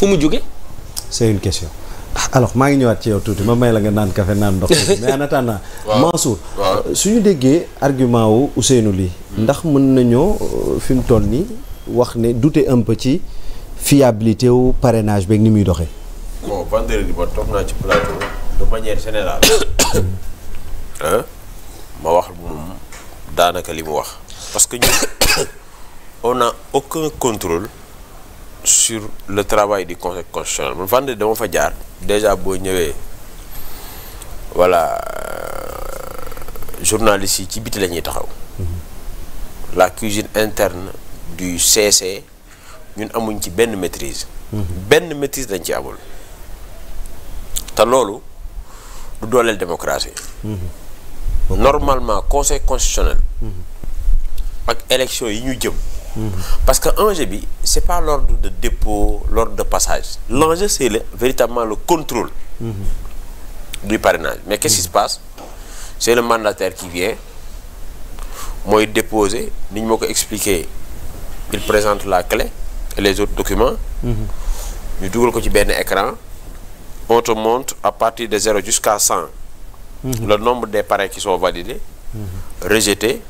fu mu jóge c'est une question alors maa ngi ñëwaat ci yow tuuti ma may la nga naan café naan ndox mais en attendant Mansour euh, suñu déggee argument wu Ousseynou lii hmm. ndax mën nañoo euh, fi mu toll nii wax ne dute un peu ci fiabilité wu parrainage beeg ni muy doxee bon vendredi ba toog naa ma wax moom daanaka li mu wax parce que ñun on a sur le travail du conseil constitutionnel man vendredi dama fa jaar déjà boo ñëwee voilà euh, journalistes yi ci biti la ñuy taxaw mhm. la cuisine interne du CC ñun amuñ ci benn maîtrise mhm. benn maîtrise dañ ci amul te loolu du dooleel démocratie mhm. normalement conseil constitutionnel ak élection yi ñu jëm Mm-hmm. parce que enjeu bi c'est pas l'ordre de dépôt l'ordre de passage l'enjeu c'est le véritablement le contrôle mm-hmm. du parrainage mais qu'est-ce qui se passe c'est le mandataire qui vient mooy déposer ni ñu ma ko expliquer il présente la clé et les autres documents mm-hmm. ñu dugal ko ci benn écran on te à partir de zéro jusqu'à cent le nombre des parrains qui sont validés rejetés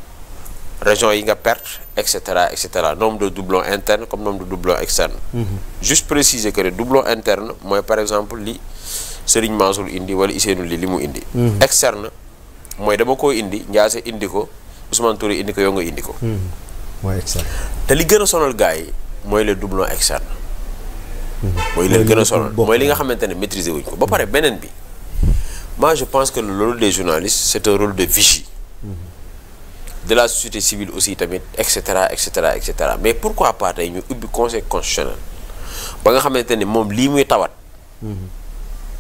région yi nga perte et cetera et cetera nombre de doublons interne comme nombre de doublons externes. Mm -hmm. juste préciser que ne doublon interne mooy par exemple li Serigne indi wala Ousseynou li li mu indi. Mhm. externe mooy dama ko indi Ndiasse indi ko Ousmane Touré indi ko yow nga indi ko. Mhm. te li gën a sonal gars yi mooy le doublon externe. Mhm. mooy leen gën a sonal mooy li nga xamante ne maîtriser wuñ ko ba pare beneen bi moi je pense que loolu rôle des journalistes c'est un rôle de vigie. de la société civile aussi tamit et cetera et cetera et cetera mais pourquoi pas tey ñu ubbi conseil constitutionnel ba nga xamante ne moom lii muy tawat.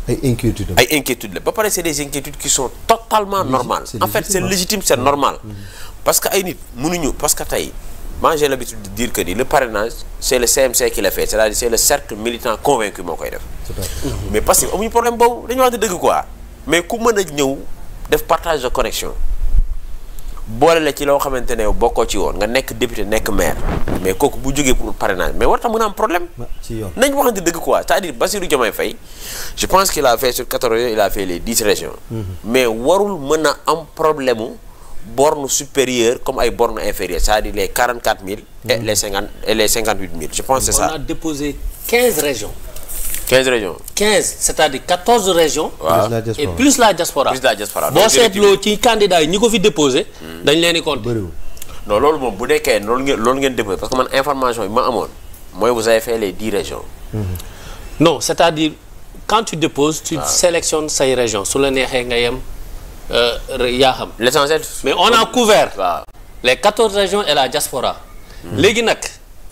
ay inquiétudes ay inquiétudes la ba pare c'est des inquiétudes qui sont totalement normales en fait c'est légitime c'est normal mm-hmm. parce que ay nit mënuñu parce que tey man j'ai l'habitude de dire que ni le parrainage c'est le CMC qui l'a fait c'est-à-dire c'est le cercle militant convaincu moo koy def mais parce que amuñu problème boobu dañu wax dëgg quoi mais ku mën a ñëw def partage de boole la ci loo xamante ne bokkoo ci woon nga nekk député nekk maire mais kooku bu jógee pour parrainage mais war tax mën a am problème. nañ waxante dëgg ko c'est-à-dire Bassirou Diomaye Faye je pense qu'il a fait sur 14 régions il a fait les 10 régions. Mm-hmm. mais warul mën a am problème mu borne supérieure comme ay borne inférieure c'est-à-dire les 44 000. Mm-hmm. et les 50 et les je pense c'est ça. déposé 15 régions. 15 régions. 15 c'est-à-dire 14 régions. waaw et plus la diaspora. plus la diaspora boo seetloo ci candidat yi ñi ko fi déposé. Hmm. dañ leen di compter bëriwul. non loolu moom bu nekkee loolu ngeen loolu ngeen déposé parce que man information yi ma amoon mooy vous avez fait les 10 régions. Hmm. non c'est-à-dire quand tu déposes. tu ah. sélectionnes say régions su la neexee nga yem euh, yaa xam. l'essentiel mais on a couvert. waaw les 14 régions et la diaspora. Hmm. léegi nag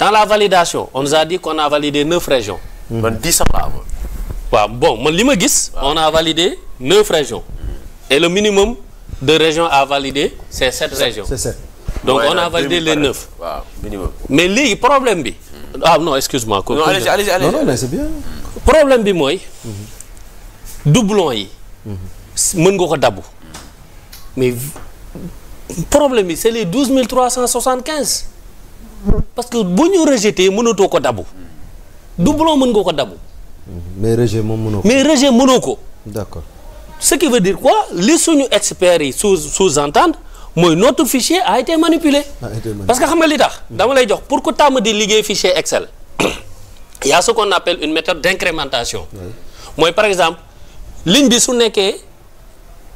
dans la validation on nous a dit qu'on a validé 9 man dix ans laa amoon. waaw bon man li ma gis. on a validé neuf régions. et le minimum de régions à valider c' est sept régions. c' est sept donc on a validé les neuf. waaw minimum. mais léegi problème bi. ah non excuse-moi. non allez allez allez non non c'est bien. problème bi mooy. Mhm. doublon yi. Mhm. mën nga ko dabb. mais problème bi c' est les douze mille trois cent soixante quinze. parce que bu ñu rejeté mënatoo ko dabb. doublon mën nga ko dabu. mais rejet moom mënoo mais rejet mënoo ko. d'accord ce qui veut dire quoi li suñu experts yi sous sous-entendre mooy notre fichier à été manipulé. parce que xam nga li tax. dama lay jox pour ku tàmm di liggéey fichier Excel. y a ce qu'on appelle une méthode d'incrémentation. Oui. mooy par exemple ligne bi su nekkee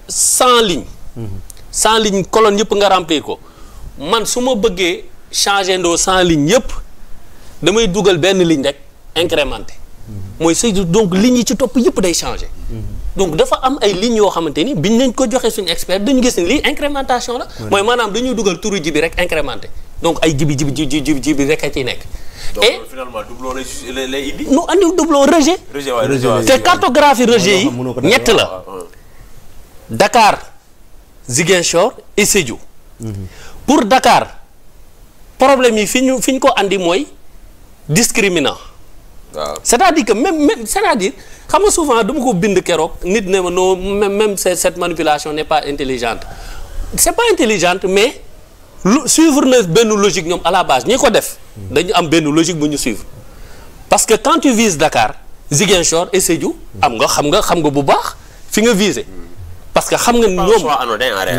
cent lignes. Mhm. cent lignes colonnes yëpp nga remplir ko man su ma bëggee changer ndoo cent lignes yëpp damay dugal benn ligne rek. incrémenté mooy say donc lignes yi ci topp yëpp day changé donc dafa am ay lignes yoo xamante ni biñ lañ ko joxee suñu expert dañu gis ni lii incrémentation la mooy maanaam dañuy dugal turu ji bi rek incrémenté donc ay jibi jibi jibi jibi jibi rek a ciy nekk et finalement doublon lay lay indi nu andiw doublon rejet te cartographie rejet yi ñett la Dakar Ziguinchor et Sédhiou mhm. pour dakaar problème yi fi ñu fi ñu ko indi mooy discriminant waaw c'est-à-dire que même même c'est-à-dire xam nga souvent dama ko bind keroog nit ne ma non même même cette manipulation n'est pas intelligente c'est pas intelligente mais lu suivre na benn logique ñoom à la base ñi ko def dañu am benn logique bu ñu suivre parce que quand tu vises Dakar Ziguinchor et Sédhiou am nga xam nga xam nga bu baax fi nga viser parce que xam nga ñoom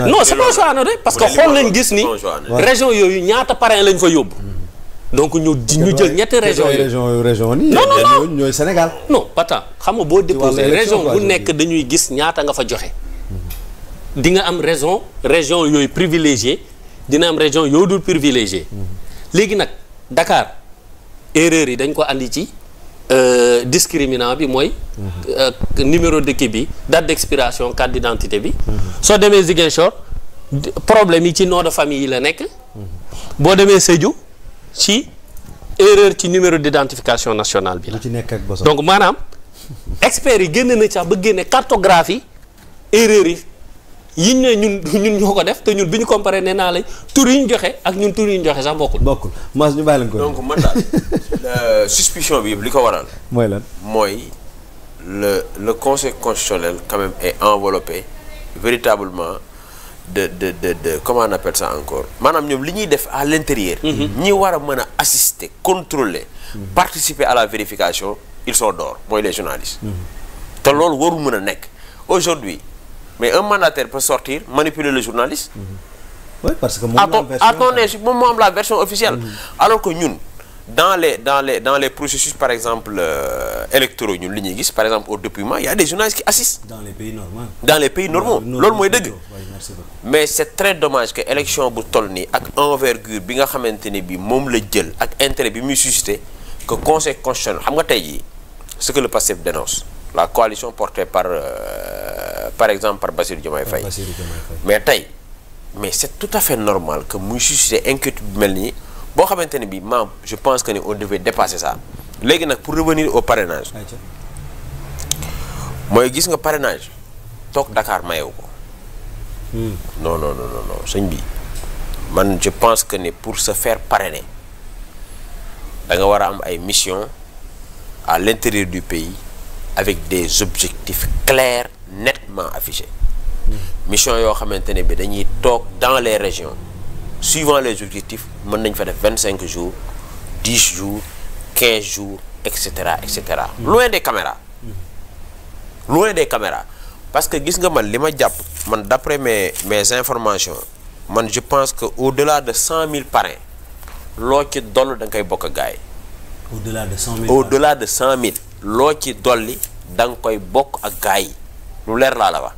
non c'est pas choix anodin parce que xool nañ gis ni région yooyu ñaata parrain lañ fa yóbbu donc ñu di ñu jël ñetti région yi région région ni non non non ñooy Sénégal non pas tant xam nga boo déposé région bu nekk dañuy gis ñaata nga fa joxe di nga am raison région yooyu privilégié dina am région yooyu dul privilégié léegi nag Dakar erreur yi dañ ko andi ci euh, discriminant bi mooy euh, numéro de kii bi date d'expiration carte d'identité bi soo demee Ziguinchor problème yi ci nom de famille yi la nekk boo demee Sédhiou ci erreur ci numéro d' identification nationale bi la. ci nekk ak bosam donc maanaam experts yi génne na sax ba génne cartographie erreur yi yiñ ne ñun ñun ñoo ko def te ñun bi ñu comparer nee naa la tur yi ñu joxe ak ñun tur yi ñu joxe sax bokkul. bokkul mas ñu bàyyi la ko. donc man daal suspicion bi yëpp li ko waral. mooy lan mooy le le conseil constitutionnel quand même est enveloppé véritablement. de de de de comment on appelle encore maanaam ñoom li ñuy def à l'intérieur mhm. ñi war a mën a assister contrôler mhm. participer à la vérification ils sont dehors mooy les journalistes mhm. te loolu warul mën a nekk aujourd'hui mais un mandataire peut sortir manipuler le journaliste oui parce que moom la version moom moo am la version officielle alors que ñun dans le dans les dans les processus par exemple euh, électoraux ñun li ñuy gis par exemple au dépouillement il y a des journalistes qui assistent. dans les pays normaux. loolu mooy dëgg. mais c' est très dommage que élection bu toll nii ak envergure bi nga xamante ni bi moom la jël ak intérêt bi muy suscité que conseil constitutionnel xam nga tey jii ce que le PASTEF dénonce la coalition portée par euh, par exemple par Bassirou Diomaye Faye. mais tey mais c' tout à fait normal que muy suscité inquiétude bi mel boo xamante ne bii maam je pense que ni on devait dépasser ça léegi nag pour revenir au parrainage. mooy gis nga parrainage toog Dakar mayewu ko. Hmm. non non non non sëñ bi man je pense que ni pour se faire parrainer da nga war a am ay mission à l'intérieur du pays avec des objectifs clairs nettement affichés. Hmm. mission yoo xamante ne bi dañuy toog dans les régions. suivant les objectifs mën nañ fa def vingt cinq jours dix jours quinze jours et cetera et cetera. Mm. loin des caméras. loin des caméras parce que gis nga man li ma jàpp man d'après mes mes informations man je pense que au-delà de cent mille parrains loo ci dolli da nga koy bokk gaay au-delà de cent au-delà de cent mille loo ci dolli da nga koy bokk ak gaay yi lu leer laa la wax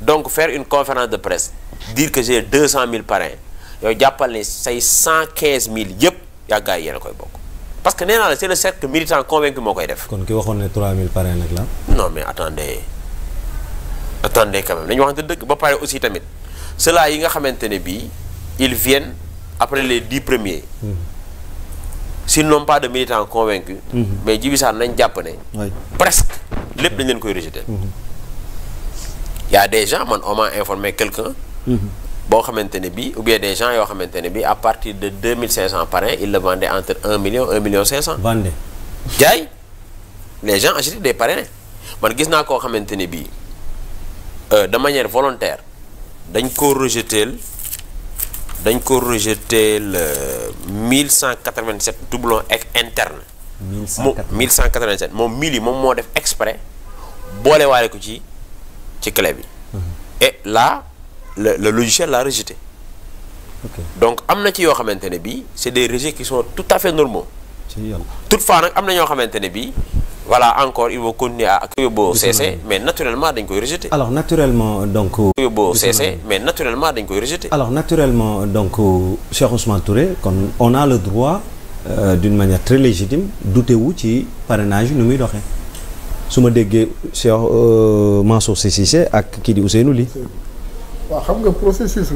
donc faire une conférence de presse dire que j'ai deux cent mille parrains. yow jàppal ne say 115000 yëpp yàggaay yéen a koy bokk parce que nee naa la c'est le cercle militant convaincu moo koy def. kon ki waxoon ne 3000 parrain nag la. non mais attendez attendez quand même dañu waxante dëgg ba pare aussi tamit cela yi nga xamante ne bii ils viennent après les 10 premiers. Hmm. s'ils n'ont pas de militants convaincus. Hmm. mais Djibi Sarr nañ jàpp ne. presque lépp dañ leen koy rejeter. Hmm. y a des gens man on informé quelqu'un. boo xamante ne bii ou bien des gens yoo xamante ne bii à partir de 2500 parrain ils le vendaient entre 1 million 1 million 500. vendé jaay les gens achetaient des parrains man gis naa koo xamante ne bii euh, de manière volontaire dañ ko rejetel dañ ko rejetel 1187 doublon ek interne. 1187 moom 1187 moom mili moom moo def boole boolewaale ko ci ci clé bi. Mhm. et le le logiciel l'a rejeté. donc am na ci yoo xamante ne bii c'est des rejets qui sont tout à fait normaux. toutefois nag am na ñoo xamante ne bii voilà encore il faut continuer à. yóbboo CC mais naturellement dañ koy rejeter. alors naturellement donc. yóbboo CC mais naturellement dañ koy rejeter. alors naturellement donc Cheikh Ousmane Touré kon on a le droit euh, d'une manière très légitime douter wu ci parrainage yi ni muy doxe su ma déggee Cheikh euh, Mansour Cissé ak kii di Ousseynou Ly. waaw xam nga processus